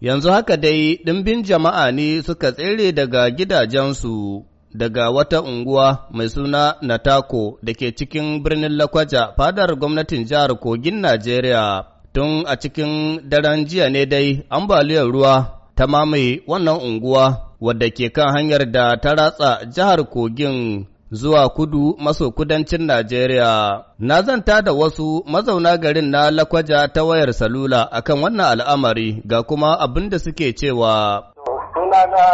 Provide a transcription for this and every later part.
Yanzu haka dai ɗimbin jama'a ne suka tsere daga gidajensu daga wata unguwa mai suna Natako da ke cikin birnin Lakwaja fadar gwamnatin jihar Kogin Najeriya tun a cikin daren jiya ne dai ambaliyar ruwa ta mamaye wannan unguwa wadda ke kan hanyar da ta ratsa jihar Kogin zuwa kudu maso kudancin Najeriya. Na zanta da wasu mazauna garin na Lakwaja ta wayar salula akan wannan al'amari ga kuma abin da suke cewa. suna na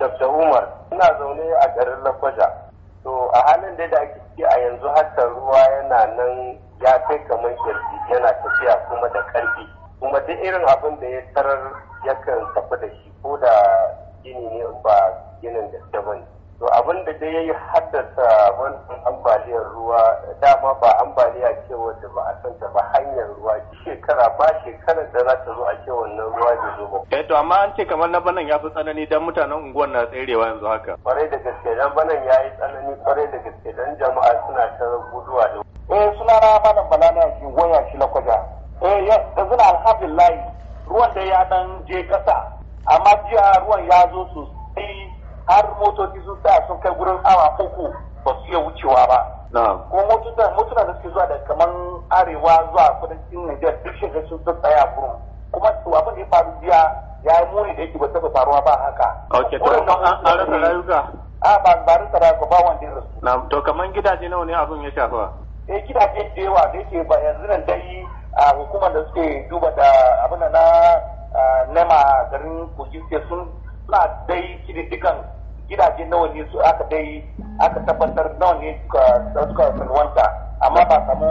Dr. Umar, ina zaune a garin Lakwaja. To a halin da da ake ciki a yanzu hakan ruwa yana nan ya kai kamar kirji yana tafiya kuma da karfi Kuma duk irin abin da ya tarar yakan tafi da shi ko da gini ne ba ginin da abin da dai haddasa wannan ambaliyar ruwa dama ba ambaliya ce wanda ba a san ta ba hanyar ruwa shekara ba shekara da za ta zo a ce wannan ruwa da zo ba. Eh, to amma an ce kamar na banan ya fi tsanani dan mutanen unguwar na tserewa yanzu haka. kwarai da gaske dan banan ya yi tsanani kwarai da gaske dan jama'a suna ta guduwa da. eh suna na malam bala na shi waya shi na kwaja. eh yanzu na alhamdulillah ruwan da ya dan je kasa amma jiya ruwan ya zo sosai. har motoci sun sa sun kai gurin awa uku ba su iya wucewa ba. Kuma motuna motuna da suke zuwa da kaman arewa zuwa kudancin Nijar duk shiga sun tsaya gurin. Kuma abin da ya faru jiya ya yi muni da yake ba taɓa faruwa ba haka. Ok, to an rasa rayuka. A ba ba rasa rayuka ba wanda ya rasu. Na to kaman gidaje nawa ne abin ya shafa? Eh gidaje da yawa da yake ba yanzu nan dai a hukumar da suke duba da abin da na nema garin kogi sun na dai kididdigan gidaje nawa ne su aka dai aka tabbatar nawa ne suka suka amma ba samu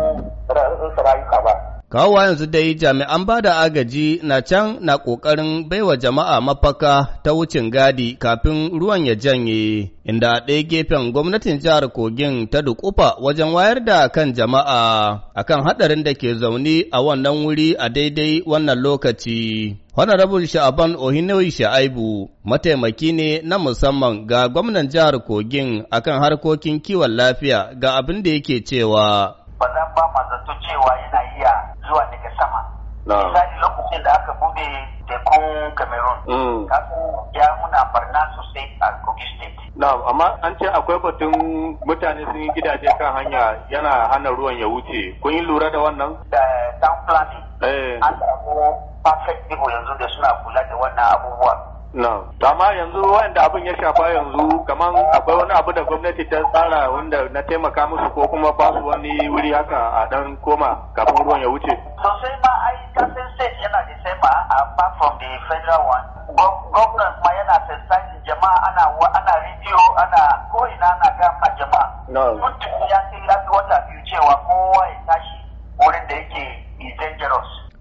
rayuka ba Kawowa yanzu dai jami'an ba da agaji na can na ƙoƙarin baiwa jama'a mafaka ta wucin gadi kafin ruwan ya janye, inda a ɗaya gefen gwamnatin jihar Kogin ta dukufa wajen wayar da kan jama'a akan haɗarin da ke zaune a wannan wuri a daidai wannan lokaci. Honorable Sha'aban Ohinoyi Sha'aibu mataimaki ne na musamman ga gwamnan jihar Kogin akan harkokin kiwon lafiya ga abin da yake cewa. Ba za ba ma zato cewa yana iya zuwa daga sama. Misali lokacin da aka bude tekun Cameroon, mm. kasu ya muna barna sosai a Kogi State. Na amma an ce akwai batun mutane sun yi gidaje kan hanya yana hana ruwan ya wuce. Kun yi lura da wannan? Da town planning. Eh. An samu perfect ibo yanzu da suna kula da wannan abubuwa. amma yanzu wanda abin ya shafa yanzu kamar akwai wani abu da gwamnati ta tsara wanda na taimaka musu ko kuma ba su wani wuri haka a dan koma kafin ruwan ya wuce. sosai ma ai kasan state yana da sai ma ah, apart from the federal one Gwamnan ma yana sensitizing jama'a ana ana rediyo ana ko'ina ina ana gama jama'a. mutum ya sai ya fi wata biyu cewa kowa ya tashi wurin da yake is dangerous.